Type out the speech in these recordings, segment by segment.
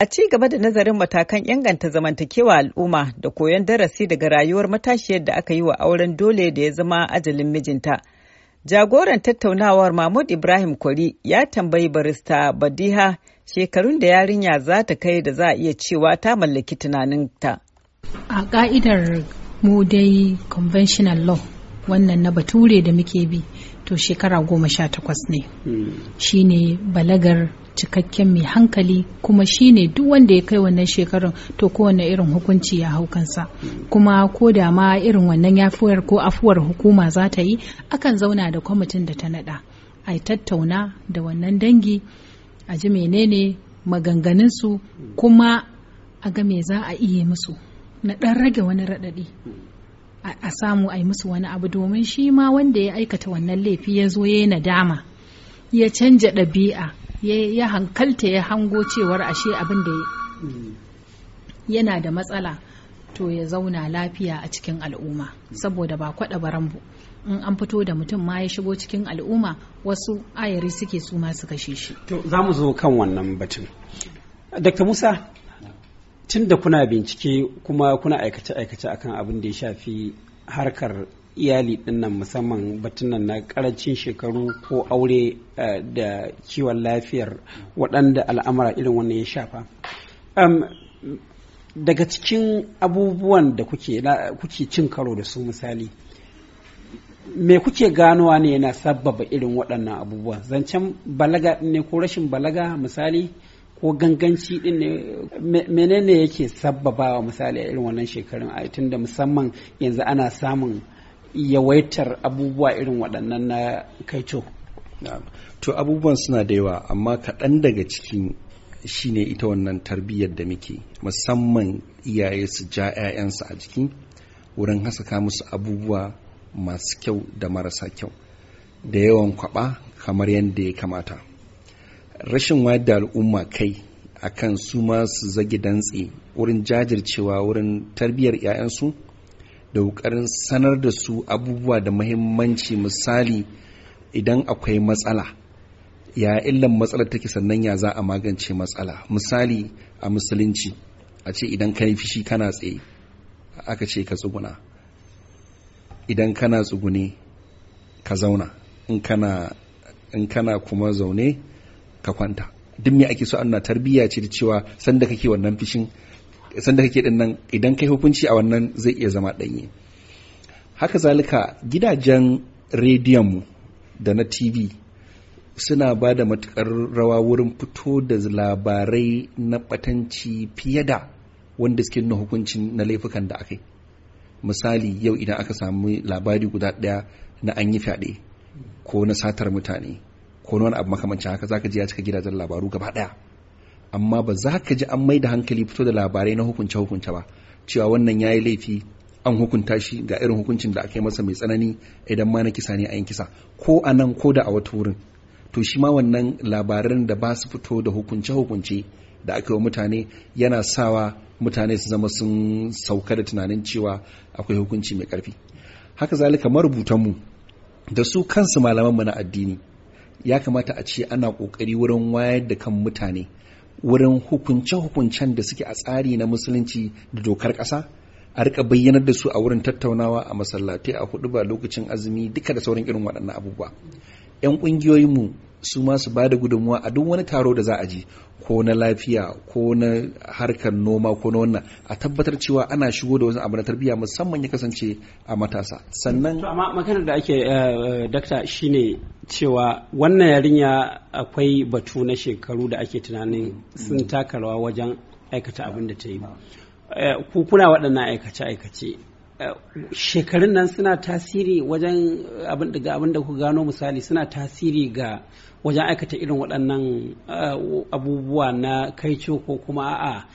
A ci gaba da nazarin matakan inganta zamantakewa al'umma da koyon darasi daga rayuwar matashiyar da aka yi wa auren dole da ya zama ajalin mijinta. Jagoran tattaunawar Mahmud Ibrahim Kwari ya tambayi barista Badiha shekarun da yarinya za ta kai da za a iya cewa ta mallaki tunaninta. A ka'idar mu dai conventional law wannan na bature da muke bi to shekara goma sha takwas ne hmm. shine balagar cikakken mai hankali kuma shine duk wanda ya kai wannan shekarun to kowane irin hukunci ya hau kansa kuma ko da ma irin wannan yafuwar ko afuwar hukuma za ta yi akan zauna da kwamitin da ta nada a tattauna da wannan dangi a ji menene maganganunsu kuma a ga me za a iya musu na ɗan rage wani raɗaɗi a samu a yi musu wani abu domin shi ma wanda ya aikata wannan laifi ya zo ya yi nadama ya canja ɗabi'a ya hankalta ya hango cewar ashe abin da yana da matsala to ya zauna lafiya a cikin al'umma saboda ba kwaɗa barambu in an fito da mutum ma ya shigo cikin al'umma wasu ayari suke su ma su kashe shi to za mu zo kan wannan batun dr musa tun da kuna bincike kuma kuna aikace-aikace akan abin da ya shafi harkar iyali dinnan musamman batunan na karancin shekaru ko aure eh, da kiwon lafiyar waɗanda al'amura irin wannan ya shafa daga cikin abubuwan da kuke cin karo da su misali me kuke ganowa ne yana sabbaba irin waɗannan abubuwa zancen balaga ne ko rashin balaga misali ko ganganci din ne menene yake sabbabawa misali a irin wannan shekarun a tunda musamman yanzu ana samun yawaitar abubuwa irin waɗannan na kaico to abubuwan suna da yawa amma kaɗan daga cikin shi ne ita wannan tarbiyyar da muke musamman iyaye su ja 'ya'yansu a jiki wurin hasaka musu abubuwa masu kyau da marasa kyau da yawan kwaba kamar yadda ya kamata rashin wayar da al'umma kai akan su ma su zagi dantse wurin jajircewa wurin tarbiyyar 'ya'yansu da ƙoƙarin sanar da su abubuwa da mahimmanci misali idan akwai matsala ya illan matsalar take sannan ya za a magance matsala misali a musulunci a ce idan ka yi fishi kana tsaye aka ce ka tsuguna idan kana tsugune ka zauna in kana kuma zaune ka kwanta duk me ake so ana tarbiyya ce da cewa sanda kake wannan fishin sanda kake din nan idan kai hukunci a wannan zai iya zama ɗanye haka zalika gidajen rediyon mu da na tv suna ba da matukar rawa wurin fito da labarai na batanci fiye da wanda suke nuna hukuncin na laifukan da aka yi misali yau idan aka samu labari guda ɗaya na an yi fyaɗe ko na satar mutane ko na wani abu makamancin haka zaka je ya cika gidajen labaru gaba ɗaya amma ba za ka ji an mai da hankali fito da labarai na hukunce hukunce ba cewa wannan ya yi laifi an hukunta shi ga irin hukuncin da aka yi masa mai tsanani idan ma na kisa ne a yin kisa ko a nan ko da a wata wurin to shi ma wannan labaran da ba su fito da hukunce hukunce da aka yi mutane yana sawa mutane su zama sun sauka da tunanin cewa akwai hukunci mai karfi haka zalika marubutanmu da su kansu malamanmu na addini ya kamata a ce ana kokari wurin wayar da kan mutane wurin hukunce-hukuncen da suke a tsari na musulunci da dokar ƙasa a rika bayyanar da su a wurin tattaunawa a masallatai a hudu ba lokacin azumi duka da sauran irin waɗannan abubuwa 'yan ƙungiyoyinmu su ma su bada gudunmuwa a duk wani taro da za a ji ko na lafiya ko na harkar noma ko na wannan a tabbatar cewa ana shigo da wasu abu na tarbiyya musamman ya kasance a matasa sannan amma maganar da ake eh, eh, dakta shine cewa wannan yarinya akwai batu na shekaru da ake tunanin sun taka rawa wajen aikata abin da ta yi eh, ku kuna waɗannan aikace-aikace shekarun nan suna tasiri wajen eh, abin da abin da ku gano misali suna tasiri ga wajen aikata irin waɗannan eh, abubuwa na kai ko kuma a'a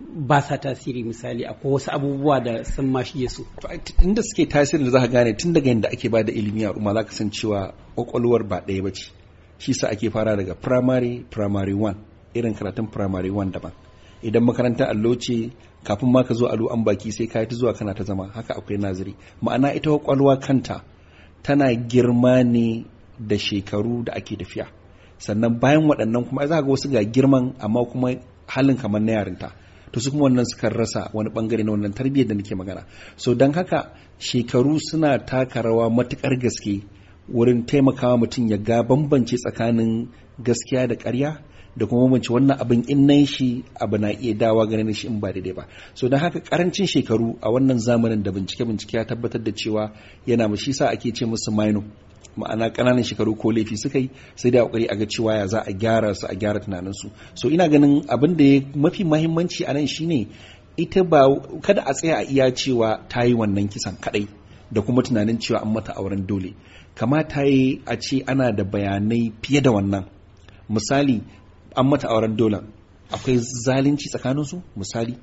ba sa tasiri misali akwai wasu abubuwa da sun mashi To inda suke tasiri da za ka gane tun daga yadda ake da ilimi a umar za ka san cewa kwakwalwar ba ɗaya ba ce shi sa ake fara daga primary primary one irin karatun primary one daban idan makarantar allo ce kafin ma ka zo allo an baki sai ka yi ta zuwa kana ta zama haka akwai naziri ma'ana ita kwakwalwa kanta tana girma ne da shekaru da ake tafiya sannan bayan waɗannan kuma za ga wasu ga girman amma kuma halin kamar na yarinta to su kuma wannan suka rasa wani bangare na wannan tarbiyyar da nake magana so don haka shekaru suna taka rawa matukar gaske wurin taimakawa mutum ya ga bambance tsakanin gaskiya da ƙarya da kuma mace wannan abin in nan shi abu na iya dawa ganin shi in ba daidai ba so don haka karancin shekaru a wannan zamanin da bincike bincike ya tabbatar da cewa yana shi sa ake ce musu maino, ma'ana kananan shekaru ko laifi suka yi sai da kokari a ga cewa ya za a gyara su a gyara tunanin su so ina ganin abin da ya mafi mahimmanci a nan shine ita ba kada a tsaya a iya cewa ta yi wannan kisan kadai da kuma tunanin cewa an mata auren dole kama ta yi a ce ana da bayanai fiye da wannan misali an mata auren dole akwai zalunci tsakanin su misali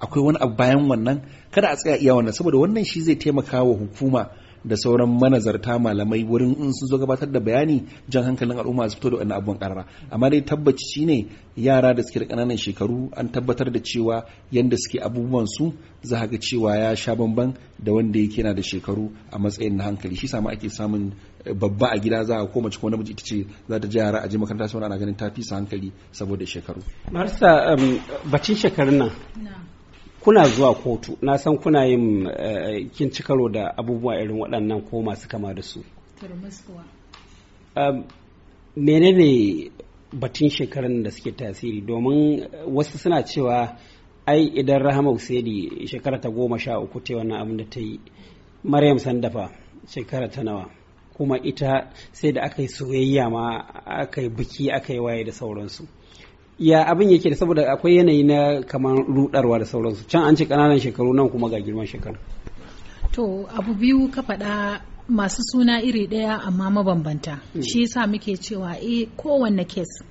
akwai wani abu bayan wannan kada a tsaya iya wannan saboda wannan shi zai taimaka wa hukuma da sauran manazarta malamai wurin in sun zo gabatar da bayani jan hankalin al'umma su fito da wannan abubuwan karara amma dai tabbaci ne yara da suke da ƙananan shekaru an tabbatar da cewa yadda suke abubuwan su za ga cewa ya sha bamban da wanda yake na da shekaru a matsayin na hankali shi sama ake samun eh, babba a gida za a ko ko namiji ita ce za ta ji yara a je makaranta sauran ana ganin ta fi hankali saboda shekaru. Marsa um, bacin shekarun nan kuna zuwa kotu na san kuna yin eh, kin cikaro da abubuwa irin waɗannan ko masu kama da su um, menene batun shekarun da suke tasiri domin wasu suna cewa ai idan rahama usedi shekara ta goma sha uku ta wannan abin da ta yi maryam sandafa shekara ta nawa kuma ita sai da aka yi soyayya ma aka yi biki aka yi waye da sauransu ya abin yake da saboda akwai yanayi na kamar rudarwa da sauransu can an ce kananan shekaru nan kuma ga girman shekaru to abu biyu ka faɗa masu suna iri ɗaya amma mabambanta hmm. shi yasa muke cewa eh kowanne kes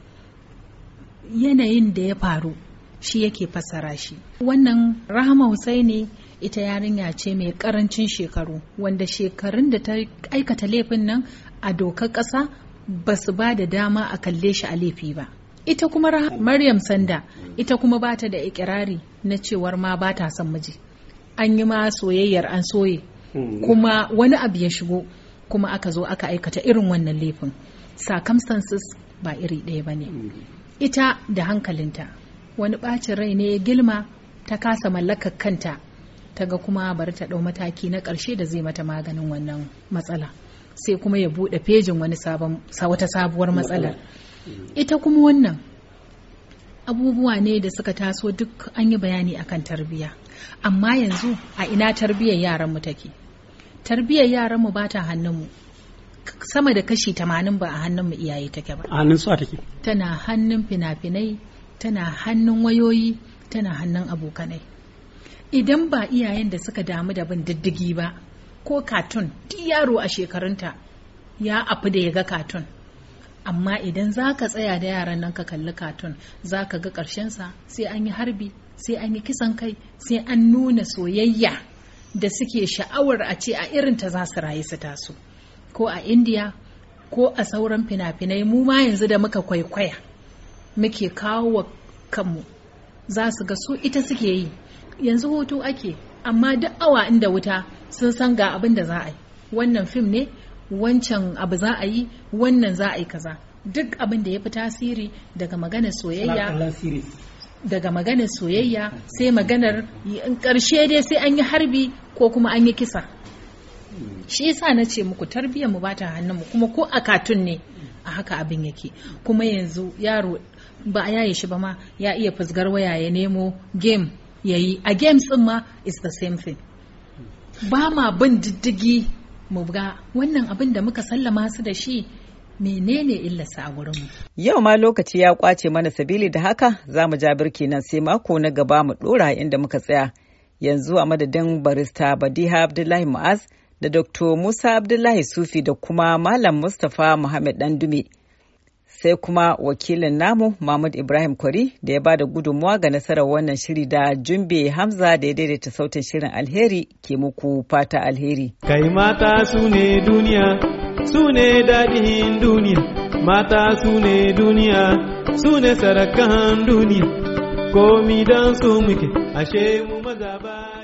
yanayin da ya faru shi yake fassara shi wannan rahama husaini ita yarinya ce mai karancin shekaru wanda shekarun da ta aikata laifin nan a dokar ƙasa ba su ba da dama a kalle shi a laifi ba ita kuma maryam sanda ita kuma bata da ikirari na cewar ma ta son miji an yi ma soyayyar an soye hmm. kuma wani abu ya shigo kuma aka zo aka aikata irin wannan laifin circumstances ba iri ɗaya ba ne hmm. ita da hankalinta wani ɓacin rai ne ya gilma ta kasa mallakar kanta ta ga kuma bari ta ɗau mataki na ƙarshe da zai mata maganin wannan matsala sai kuma ya buɗe fejin wani sabon wata sabuwar matsalar ita kuma wannan abubuwa ne da suka taso duk an yi bayani akan tarbiyya amma yanzu a ina tarbiyyar yaranmu take tarbiyyar yaran mu ta hannun sama da kashi tamanin ba a hannun mu iyaye take ba hannun su take tana hannun fina-finai tana hannun wayoyi tana hannun abokanai idan ba iyayen da suka damu da bin diddigi ba ko katun duk yaro a shekarunta ya afi da ya ga katun amma idan za ka tsaya da yaran nan ka kalli katun za ka ga sa, sai an yi harbi sai an yi kisan kai sai an nuna soyayya da suke sha'awar a ce a irin ta za su rayu su taso ko a indiya ko a sauran fina-finai mu ma yanzu da muka kwaikwaya muke kawo wa kanmu za su ga su ita suke yi yanzu hutu ake amma duk awa inda wuta sun san ga abin da za a yi wannan fim ne wancan abu za a yi wannan za a yi kaza duk abin da ya fi tasiri daga maganar soyayya daga maganar soyayya sai maganar karshe dai sai an yi harbi ko kuma an yi kisa shi yasa na ce muku tarbiyyar mu bata hannunmu kuma ko a katun ne a haka abin yake kuma yanzu yaro ba a yaye shi ba ma ya iya fusgar waya ya nemo game yayi a games din ma is the same thing ba ma bin diddigi mu ga wannan abin da muka sallama su da shi menene illarsa a wurinmu. Yau ma lokaci ya kwace mana sabili da haka za mu ja birki nan sai mako na gaba mu dora inda muka tsaya. Yanzu a madadin barista Badiha Abdullahi Mu'az da Dr. Musa Abdullahi Sufi da kuma Malam Mustapha Muhammad Dandume. sai kuma wakilin namu Mahmud Ibrahim Kwari da ya bada gudunmuwa ga nasarar wannan shiri da Jumbe Hamza da ya daidaita sautin shirin alheri ke muku fata alheri. Kai mata su ne duniya, su ne daɗin duniya, mata su ne duniya, su ne sarakan duniya, komi don su muke, ashe mu maza ba.